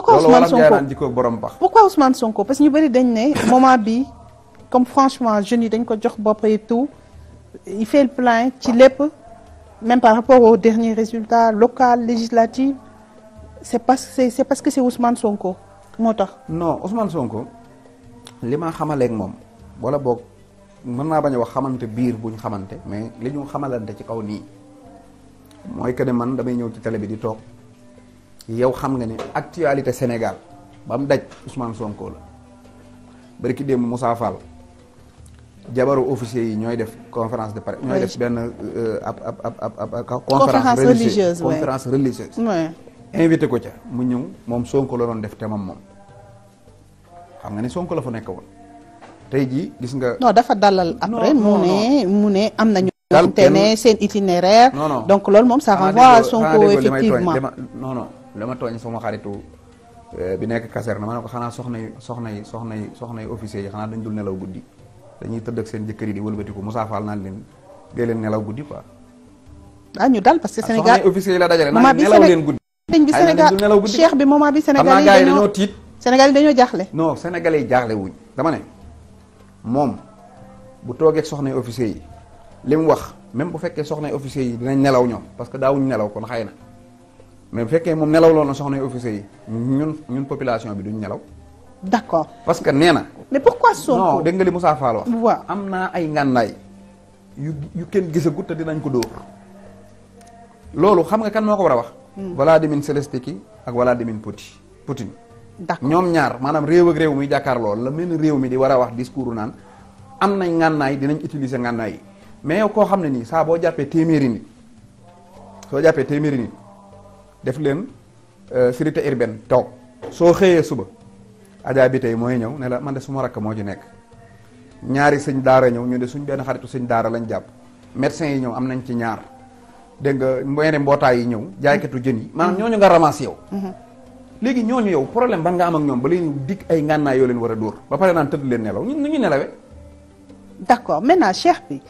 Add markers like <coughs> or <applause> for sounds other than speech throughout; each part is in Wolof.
pourquoi Ousmane Sonko borom baax pourquoi Ousmane Sonko parce que ñu bëri dañ ne moment bi comme franchement jeunes yi dañ ko jox bopp et tout il fait le plein ci lépp même par rapport aux derniers résultats locaux législatifs c'est parce que c'est parce que c'est Ousmane Sonko moo tax. non Ousmane Sonko li ma xamaleek moom wala boog mën naa bañ a wax xamante biir buñ xamante mais li ñu xamalante ci kaw nii mooy que ne man damay ñëw ci télé bi di toog. yow xam nga ne actualité Sénégal ba mu daj Ousmane Sonko la barki démb Moussa Fall jabaru officier yi ñooy def conférence de presse benn euh, ab ab ab ab conférence religieuse invité ko ca mu ñëw moom Sonko la def te moom moom xam nga ni Sonko la fu nekk woon tey jii gis nga dafa dalal après mu ne mu ne am na te ne seen itinéraire donc loolu moom ça renvoie à Sonko effectivement ma tooñ sama xaritu eh, bi nekk caserne ma ne ko xanaa soxna yi soxna yi soxna yi soxna yi officier yi xanaa dañ dul nelaw guddi dañuy tëdd ak seen jëkkër yi di wëlbatiku Moussa Fall naan leen dee leen nelaw guddi quoi. ah ñu dal parce que ah, Sénégal soxna officier yi la dajale naan nelaw guddi. bi Sénégal cheikh bi moment bi Sénégal yi dañoo tiit Sénégal yi dañoo jaaxle. non Sénégalais yi jaaxle wuñ dama ne moom bu toogee ak soxna officier yi li mu wax même bu fekkee soxna officier yi dinañ nelaw ñoo parce que daawuñ nelaw kon xay na mais bu fekkee moom nelaw loolu na soxna officier yi ñun ñun population bi duñ nelaw. d' accord parce que nee na. mais dégg nga li Moussa Fall wax. waaw am naa ay ngànnaay yu yu kenn gisagut te dinañ ko dóor. loolu xam nga kan moo ko war a wax. Hmm. Vladimir Zelensky ak Vladimir Poutine Poutine. d'accord ñoom ñaar maanaam réew ak réew mi jàkkaar loolu la mel ni réew mi di war a wax discours naan am nañ ngànnaay dinañ utiliser ngànnaay mais yow koo xam ne nii saa boo jàppee téeméeri nit soo jàppee téeméeri nit. def leen euh, sécurité urbaine toog soo xëyee suba ajaa bi tey mooy ñëw ne la man de suma rakk moo ci nekk ñaari sëñ daara ñëw ñu de suñ benn xaritu sëñ daara lañ jàpp médecins yi ñëw am nañ ci ñaar dégg nga moyen mbootaay yi ñëw jaaykatu jën yi maanaam ñooñu nga ramasse yow mm-hmm. léegi ñooñu yow problème ba nga am ak ñoom ba leen dikk ay ngànnaay yoo leen war a dóor ba pare naan tëdd leen nelaw ñu ñu nelawee d'accord maintenant cheikh bi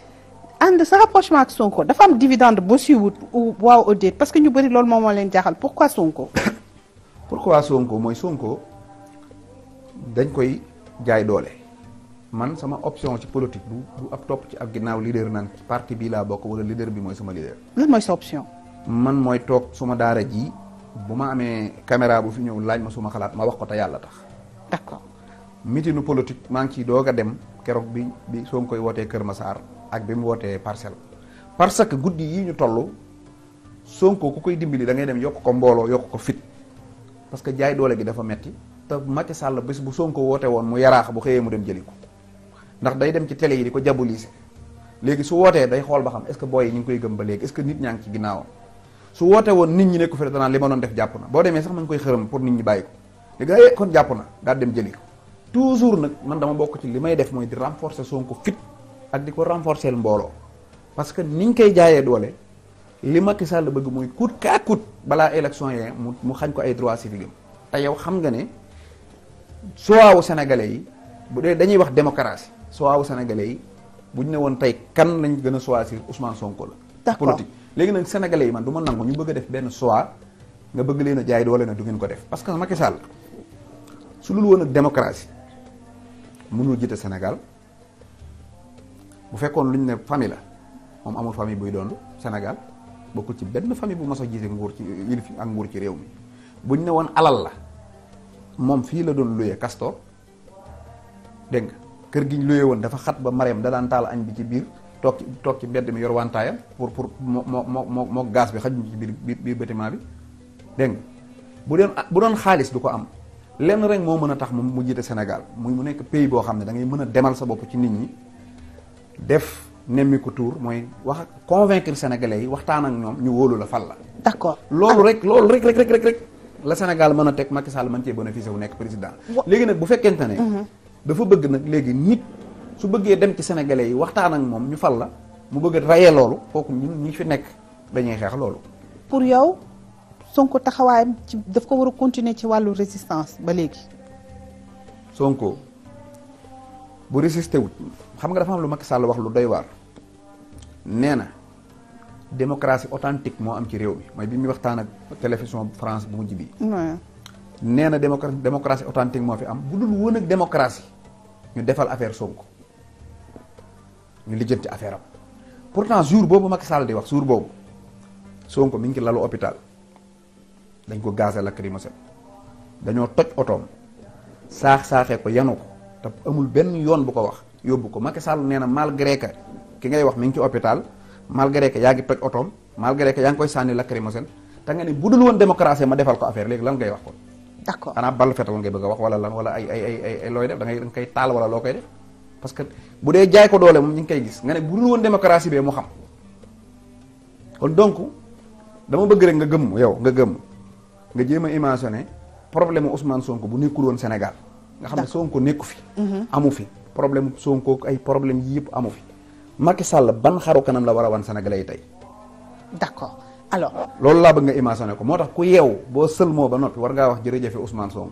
ànd sa rapprochement ak Sonko dafa am dividende boo siy waaw au parce que ñu bari loolu moom moo leen jaaxal pourquoi Sonko. <coughs> pourquoi Sonko mooy Sonko dañ koy jaay doole man sama option ci politique du du ab topp ci ak ginnaaw leader naan parti bii laa bokk wala leader bi mooy sama leader. lan mooy sa option. man mooy toog suma daara ji bu ma amee caméra bu fi ñëw laaj ma suma xalaat ma wax ko te yàlla tax. d'accord mitinu politique maa ngi ciy doog a dem keroog bi bi soo koy wootee Kër Massar. ak bi mu wootee parcelle parce que guddi yi ñu toll Sonko ku koy dimbali da ngay dem yokk ko mbooloo yokk ko fit parce que jaay doole gi dafa metti te Macky Sall bés bu Sonko woote woon mu yaraax bu xëyee mu dem jëli ko ndax day dem ci télé yi di ko jabolise léegi su wootee day xool ba xam est-ce que booy yi ñu ngi koy gëm ba léegi est-ce que nit ñaa ngi ci ginnaawam su woote woon nit ñi nekku fi danaan li ma doon def jàpp na boo demee sax ma ngi koy jàpp na daal dem jëli ko toujours nag man dama bokk ci li may def mooy di renforcer Sonko fit ak di ko renforcer mbooloo parce que niñ koy jaayee doole li Macky Sall bëgg mooy coûte que coûte balaa élection yee mu mu xañ ko ay droits civiques te yow xam nga ne suwaawu sénégalais yi bu dee dañuy wax démocratie suwaawu sénégalais yi bu ñu ne woon tey kan lañ gën a choisir Ousmane Sonko la. d'accord politique léegi nag sénégalais yi man du ma nangu ñu bëgg a def benn choix nga bëgg leen a jaay doole na du ngeen ko def parce que Macky Sall su dul woon ak démocratie mënul jiite Sénégal. bu fekkoon lu ñu ne famille la moom amul fami buy doon senegal bokkul ci benn fami bu mos a jiite nguur ci yilif ak nguur ci réew mi buñ ne woon alal la moom fii la doon luyee Castor dégg nga kër gi luye woon dafa xat ba mareem da daan taal añ bi ci biir toog ci toog ci mbedd mi yor wantaayam pour pour moo moo moo moo bi xajuñ ci biir biir bâtiment bi dégg nga bu doon bu doon xaalis du ko am lenn rek moo mën a tax moom mu jiite Sénégal muy mu nekk pays boo xam ne da mën a demal sa bopp ci nit ñi. def nemmiku tour mooy wax convaincre sénégalais yi waxtaan ak ñoom ñu wóolu la fal la. d'accord loolu rek loolu rek rek rek rek la Sénégal mën a teg Macky Sall mën cee wu nekk président. léegi nag bu fekkente ne. Mhm. dafa bëgg nag léegi nit su bëggee dem ci sénégalais yi waxtaan ak moom ñu fal la mu bëgg a loolu kooku ñun ñi fi nekk dañuy xeex loolu. pour yow Sonko taxawaayam ci daf ko war a continuer ci wàllu résistance ba léegi. Sonko. bu résisté wut xam nga dafa am lu Macky Sall wax lu doy waar nee na démocratie authentique moo am ci réew mi mooy bi muy waxtaan ak télévision France bu mujj bii. nee na démocra démocratie authentique moo fi am bu dul woon ak démocratie ñu defal affaire Sonko ñu lijjanti affaire am pourtant jour boobu Macky Sall di wax jour boobu Sonko mi ngi ci lalu hôpital dañ ko gazé lacrymogène dañoo toj otoom saax saaxee ko yanu ko. te amul benn yoon bu ko wax yóbbu ko Macky Sall nee na malgré que ki ngay wax mi ngi ci hôpital malgré que yaa ngi toj otoom malgré que yaa ngi koy sànni lacrymogène te nga ne bu dul woon démocratie ma defal ko affaire léegi lan ngay wax ko d'accord xanaa bal fetal ngay bëgg a wax wala lan wala ay ay ay ay looy def da ngay taal wala loo koy def parce que bu dee jaay ko doole moom ñu ngi koy gis nga ne bu dul woon démocratie bee mu xam kon donc dama bëgg rek nga gëm yow nga gëm nga jéem a imaginer problème Ousmane Sonko bu nekkul woon Sénégal nga xam ne Sonko nekku fi. Mhm. amu fi problème Sonko ay problème yi yëpp amu fi. Macky Sall ban xaru kanam la war a wan Sénégalais yi tey. d'accord alors. loolu laa bëgg nga imaginer ko moo tax ku yeew boo sëlmoo ba noppi war ngaa wax jërëjëfe Ousmane Sonko.